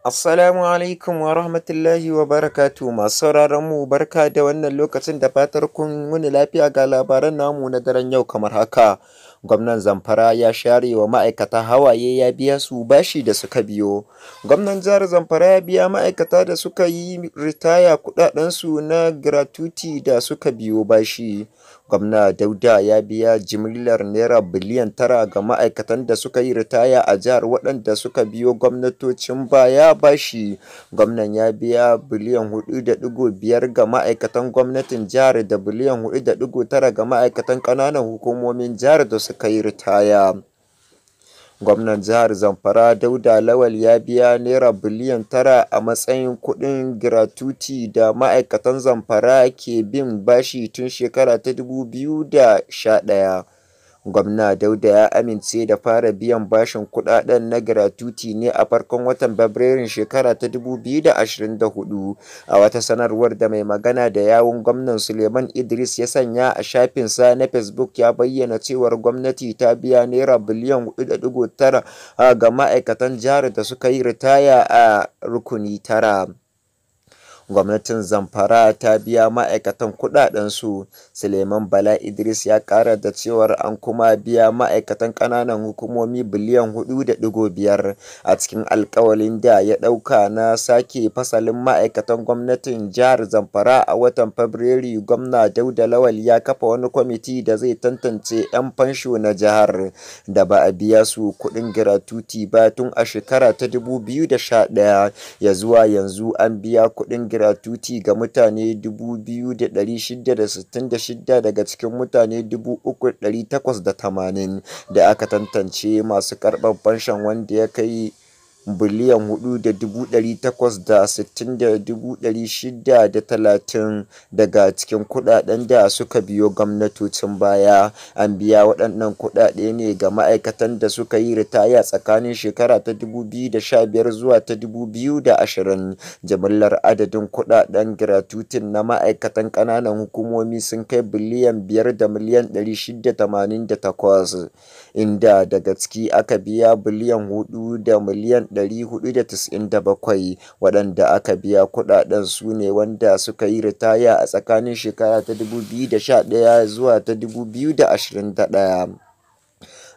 Assalamu alaikum wa rahmatullahi wa barakatu masu sauraron mu barka da wannan lokacin da fatar kun wani lafiya ga labaran namu na daren yau kamar haka. Gwamnan Zamfara ya share wa ma'aikata hawaye ya biya su bashi da suka biyo. Gwamnan jihar Zamfara ya biya ma'aikata da suka yi ritaya kudadensu na gratuti da suka biyo bashi. Gwamna Dauda ya biya jimillar Naira biliyan tara ga ma'aikatan da suka yi ritaya a jihar waɗanda suka biyo gwamnatocin baya bashi. Gwamnan ya biya biliyan hudu da ɗigo biyar ga ma'aikatan gwamnatin jihar da biliyan hudu da ɗigo tara ga ma'aikatan ƙananan hukumomin jihar da suka kai ritaya. Gwamnan Jihar Zamfara Dauda Lawal ya biya Naira biliyan tara a matsayin kuɗin giratuti da ma'aikatan Zamfara ke bin bashi tun shekara ta 2011. Gwamna Dauda ya amince da fara biyan bashin kudaden na gratuti ne a farkon watan Fabrairun shekara ta 2024, a wata sanarwar da mai magana da yawun gwamnan Suleiman Idris ya sanya a shafin sa na Facebook ya bayyana cewar gwamnati ta biya naira biliyan 4.9 ah, ga ma'aikatan jihar da suka yi ritaya a rukuni tara. Gwamnatin Zamfara ta biya ma'aikatan su Suleiman Bala Idris ya kara da cewar an kuma biya ma'aikatan kananan hukumomi biliyan hudu da digo biyar a cikin alkawalin da ya dauka na sake fasalin ma'aikatan gwamnatin jihar Zamfara a watan Fabrairu. Gwamna Dauda Lawal ya kafa wani kwamiti da zai tantance 'yan fansho na jihar da ba a biya su kuɗin giratuti ba tun a shekara ta 2011 ya zuwa yanzu an biya kuɗin gira. tuti ga mutane 2,666 daga cikin mutane 3,880 da aka tantance masu karɓar fanshon wanda ya kai biliyan hudu da dubu dari takwas da sittin da dubu dari shida da talatin daga cikin kudaden da suka biyo gwamnatocin baya an biya waɗannan kudade ne ga ma'aikatan da suka yi ritaya tsakanin shekara ta dubu biyu da sha biyar zuwa ta dubu biyu da ashirin jimillar adadin kudaden giratutin na ma'aikatan ƙananan hukumomi sun kai biliyan biyar da miliyan ɗari shida tamanin da takwas inda daga ciki aka biya biliyan hudu da miliyan 497 waɗanda aka biya kuɗaɗen su ne wanda suka yi ritaya a tsakanin shekara ta 2011 zuwa ta 2021.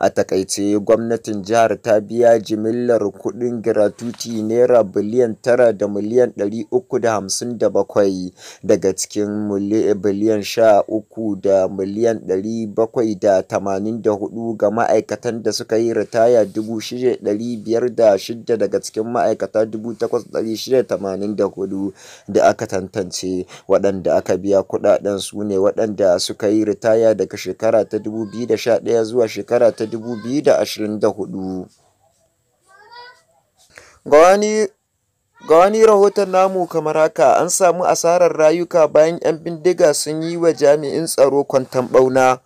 A takaice gwamnatin jihar ta biya jimillar kudin giratuti Naira biliyan tara da miliyan 357 daga cikin biliyan sha uku da miliyan 784 ga ma'aikatan da suka yi ritaya 6,506 daga cikin ma'aikata 8,684 da aka tantance. Waɗanda aka biya kuɗaɗen su ne waɗanda suka yi ritaya daga shekara ta 2011 zuwa shekara ta 2024. Ga wani rahoton namu kamar haka, an samu asarar rayuka bayan 'yan bindiga sun yi wa jami'in tsaro kwantan bauna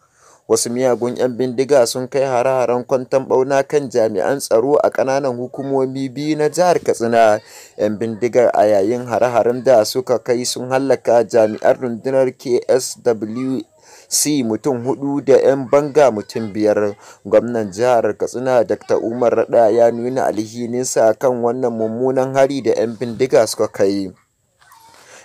Wasu miyagun 'yan bindiga sun kai hare-haren kwantan ɓauna kan jami'an tsaro a ƙananan hukumomi biyu na jihar Katsina. 'Yan bindiga a yayin hare-haren da suka kai sun hallaka jami'an rundunar KSW c mutum hudu da 'yan banga mutum biyar gwamnan jihar katsina dr umar rada ya nuna alhininsa kan wannan mummunan hari da 'yan bindiga suka kai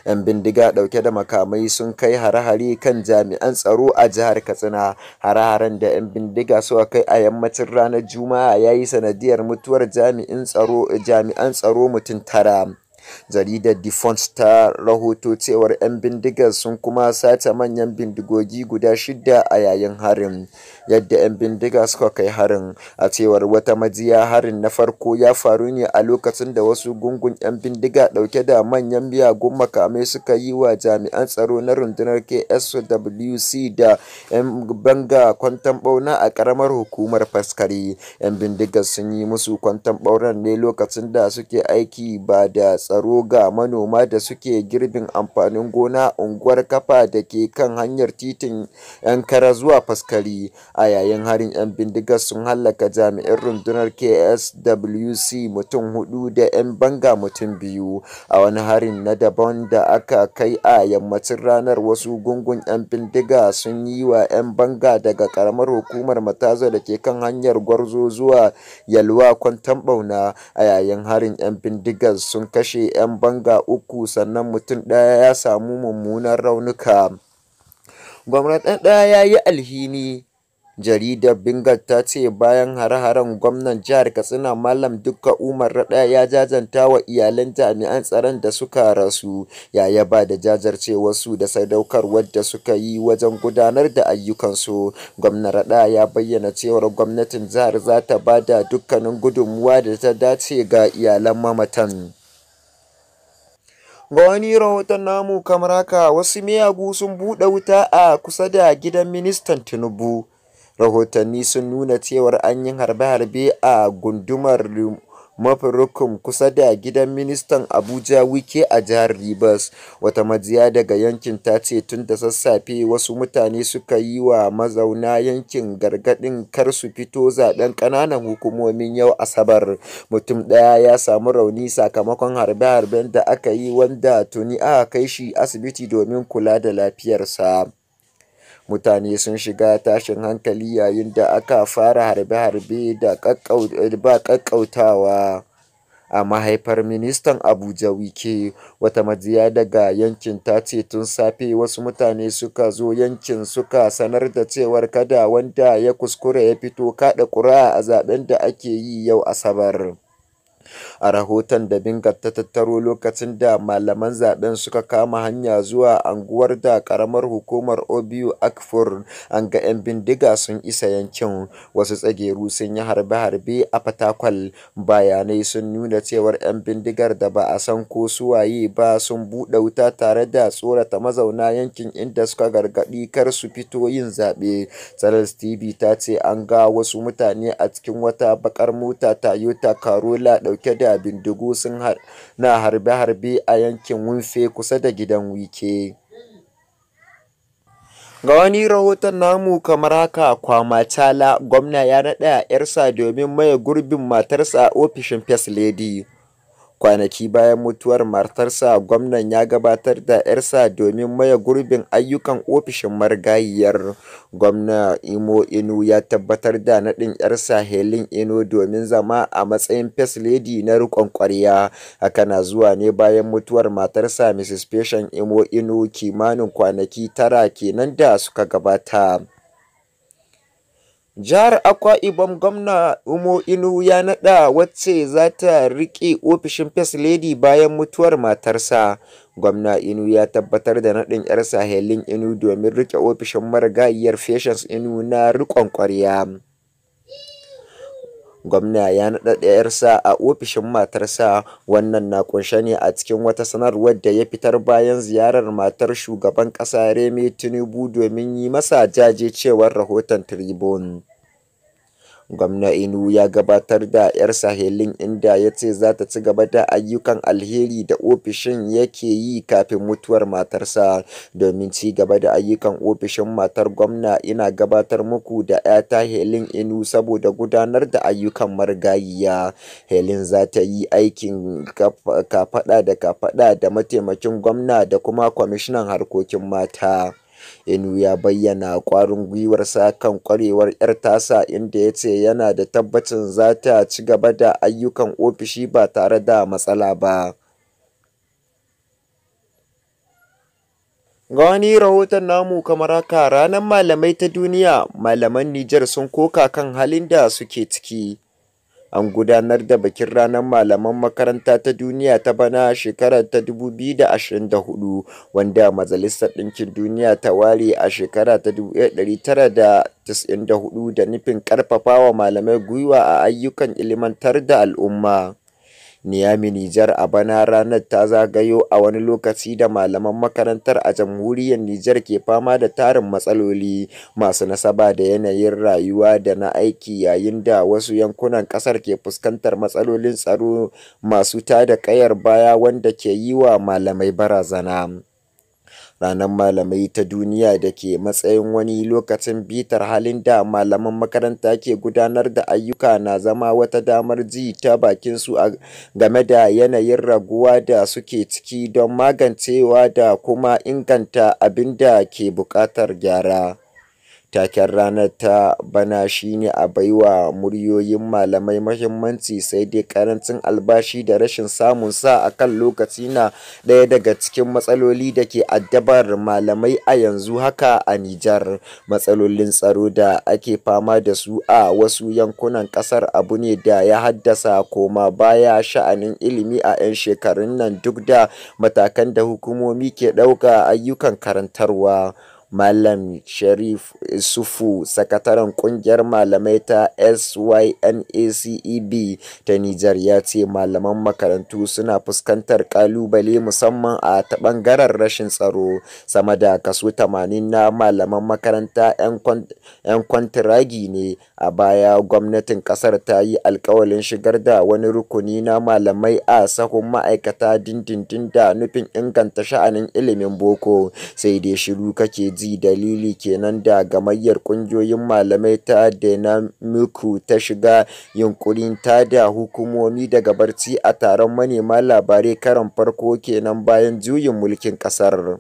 'yan bindiga ɗauke da makamai sun kai hare-hare kan jami'an tsaro a jihar katsina hare-haren da 'yan bindiga suka kai a yammacin ranar juma'a ya yi sanadiyar mutuwar jami'an tsaro mutum tara Jaridar The ta rahoto cewar 'yan bindigar sun kuma sace manyan bindigogi guda shida a yayin harin, yadda 'yan bindiga suka kai harin. A cewar wata majiya, harin na farko ya faru ne a lokacin da wasu gungun 'yan bindiga dauke da manyan miyagun makamai suka yi wa jami'an tsaro na rundunar KSWC da 'yan banga kwantan bauna a karamar hukumar faskari. 'Yan bindigar sun yi musu kwantan bauran ne lokacin da suke aiki ba da tsaro ga manoma da suke girbin amfanin gona unguwar Kafa da ke kan hanyar titin kara zuwa Faskari, a yayin harin 'yan bindigar sun hallaka jami'in rundunar KSWC mutum hudu da 'yan banga mutum biyu, a wani harin na daban da aka kai a yammacin ranar wasu gungun 'yan bindiga sun yi wa 'yan banga daga ƙaramar hukumar Matazo da ke kan hanyar Gwarzo zuwa Yalwa kwantan bauna a yayin harin 'yan bindigar sun kashe kashe 'yan banga uku sannan mutum ɗaya ya samu mummunan raunuka. Gwamnan ɗaya ya yi alhini. Jaridar bingar ta ce bayan hare-haren gwamnan jihar Katsina Malam Dukka Umar Raɗa ya jajanta wa iyalan jami'an tsaron da suka rasu, ya ba da wasu da sadaukarwar da suka yi wajen gudanar da ayyukansu. Gwamnan Raɗa ya bayyana cewar gwamnatin jihar za ta ba da dukkanin gudunmuwa da ta dace ga iyalan mamatan. Ga wani rahoton namu kamar haka wasu miyagu sun buɗe wuta a kusa da gidan ministan Tinubu. Rahotanni sun nuna cewar an yi harbe-harbe a gundumar Mafaraucin kusa da gidan ministan Abuja Wike a jihar Rivers, wata majiya daga yankin ta ce tun da sassafe wasu mutane suka yi wa mazauna yankin gargadin kar su fito zaben kananan hukumomin yau Asabar. Mutum daya ya samu rauni sakamakon harbe-harben da aka yi wanda tuni aka kai shi asibiti domin kula da lafiyarsa. Mutane sun shiga tashin hankali yayin da aka fara harbe-harbe da ba ƙaƙƙautawa a mahaifar ministan Abuja Wike. Wata majiya daga yankin ta ce tun safe wasu mutane suka zo yankin suka sanar da cewar kada wanda ya kuskure ya fito kaɗa ƙuri'a a zaben da ake yi yau Asabar. a rahoton da bingar ta tattaro lokacin da malaman zaɓen suka kama hanya zuwa anguwar da karamar hukumar Obio akfor an ga 'yan bindiga sun isa yankin, wasu tsageru sun yi harbe-harbe a Fatakwal. Bayanai sun nuna cewar 'yan bindigar da ba a san ko su waye ba sun buɗe wuta tare da tsorata mazauna yankin inda suka gargaɗi kar su fito yin zaɓe. Charles TV ta ce an ga wasu mutane a cikin wata baƙar mota Toyota Corolla ɗauke da da bindigu sun na harbe-harbe a yankin Wunfe kusa da gidan Wike. Ga wani rahoton namu kamar haka Kwamatala gwamna ya naɗa 'yarsa domin maye gurbin matarsa a ofishin First Lady. Kwanaki bayan mutuwar matarsa, gwamnan ya gabatar da ‘yarsa domin maye gurbin ayyukan ofishin margayiyar Gwamna Imo Inu ya tabbatar da naɗin ‘yarsa helin inu domin zama a matsayin First Lady na riƙon ƙwarya. Haka na zuwa ne bayan mutuwar matarsa Mrs. Patient Imo Inu kimanin kwanaki tara kenan da suka gabata. Jihar Akwa Ibom Gwamna Umo Inu ya naɗa wacce za ta riƙe ofishin First Lady bayan mutuwar matarsa. Gwamna inu ya tabbatar da naɗin 'yarsa Helen inu domin riƙe ofishin marigayiyar Fashions Inu na riƙon ƙwarya. gwamna ya naɗa ɗayarsa a ofishin matarsa wannan na ƙunshe ne a cikin wata sanarwar da ya fitar bayan ziyarar matar shugaban ƙasa remi tinubu domin yi masa jajecewar rahoton tribune Gwamna inu ya gabatar da 'yar sahelin inda ya ce za ta ci gaba da ayyukan alheri da ofishin yake yi kafin mutuwar matarsa. "Domin ci gaba da ayyukan ofishin matar gwamna, ina gabatar muku da 'yata helin inu saboda gudanar da ayyukan margayiya, helin za ta yi aikin kafada da kafada da mataimakin gwamna da kuma kwamishinan harkokin mata. Inu ya bayyana ƙwarin gwiwarsa kan ƙwarewar 'yar tasa, inda ya ce yana da tabbacin za ta ci gaba da ayyukan ofishi ba tare da matsala ba. Ga wani rahoton namu kamar haka, Ranar Malamai ta Duniya, malaman Nijar sun koka kan halin da suke ciki. An gudanar da bikin Ranar Malaman Makaranta ta Duniya ta bana shekarar ta 2024, wanda Majalisar Ɗinkin Duniya ta ware a shekara ta 1994 da nufin ƙarfafawa malamai gwiwa a ayyukan ilimantar da al'umma. niyami Nijar a bana ranar ta zagayo a wani lokaci da malaman makarantar a jamhuriyar Nijar ke fama da tarin matsaloli masu nasaba da yanayin rayuwa da na aiki yayin da wasu yankunan ƙasar ke fuskantar matsalolin tsaro masu tada ƙayar baya wanda ke yi wa malamai barazana. Ranar Malamai ta Duniya da ke matsayin wani lokacin bitar halin da malaman makaranta ke gudanar da ayyuka na zama wata damar ji ta bakin su a game da yanayin raguwa da suke ciki don magancewa da kuma inganta abin da ke buƙatar gyara. Taken ranar ta bana shine ne "A Baiwa Muryoyin Malamai Muhimmanci," sai dai karancin albashi da rashin samun sa a kan lokaci na ɗaya daga cikin matsaloli da ke addabar malamai a yanzu haka a Nijar. Matsalolin tsaro da ake fama da su a wasu yankunan ƙasar abu ne da ya haddasa koma-baya sha'anin ilimi a 'yan shekarun nan duk da matakan da hukumomi ke ɗauka ayyukan karantarwa. Malam Sharif isufu sakataren ƙungiyar malamai ta SYNACEB ta Nijar, ya ce malaman makarantu suna fuskantar ƙalubale musamman a ta rashin tsaro, sama da kaso 80 na malaman makaranta 'yan kwantiragi ne. A baya, gwamnatin ƙasar ta yi alƙawalin shigar da wani rukuni na malamai a sahun ma'aikata dindindin da nufin inganta sha'anin ilimin boko, sai dai shiru kake ji. Zi dalili kenan da Gamayyar kungiyoyin Malamai ta muku ta shiga ta da hukumomi daga barci a taron manema labarai karan farko kenan bayan juyin mulkin kasar.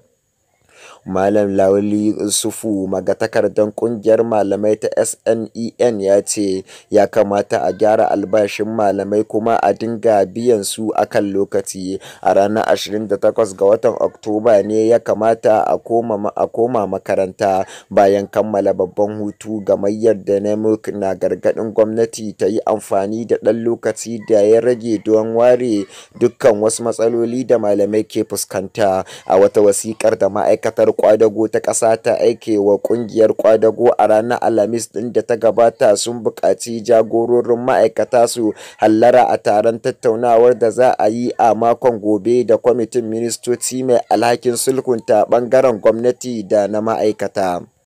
Malam Lawli Sufu, magatakardan ƙungiyar malamai ta SNEN, e ya ce ya kamata a gyara albashin malamai kuma a dinga biyan su akan lokaci. A ranar 28 ga watan Oktoba ne ya kamata a koma makaranta. Bayan kammala babban hutu, Gamayyar Dinamic na gargadin gwamnati ta yi amfani da ɗan lokaci da ya rage don ware dukkan wasu matsaloli da malamai ke fuskanta. A wata wasiƙar da ma'aikatar kungiyar Ƙwadago ta Ƙasa ta aike wa ƙungiyar kwadago a ranar Alhamis ɗin da ta gabata sun buƙaci jagororin ma'aikata su hallara a taron tattaunawar da za a yi a makon gobe da kwamitin ministoci mai alhakin sulhunta ɓangaren gwamnati da na ma'aikata.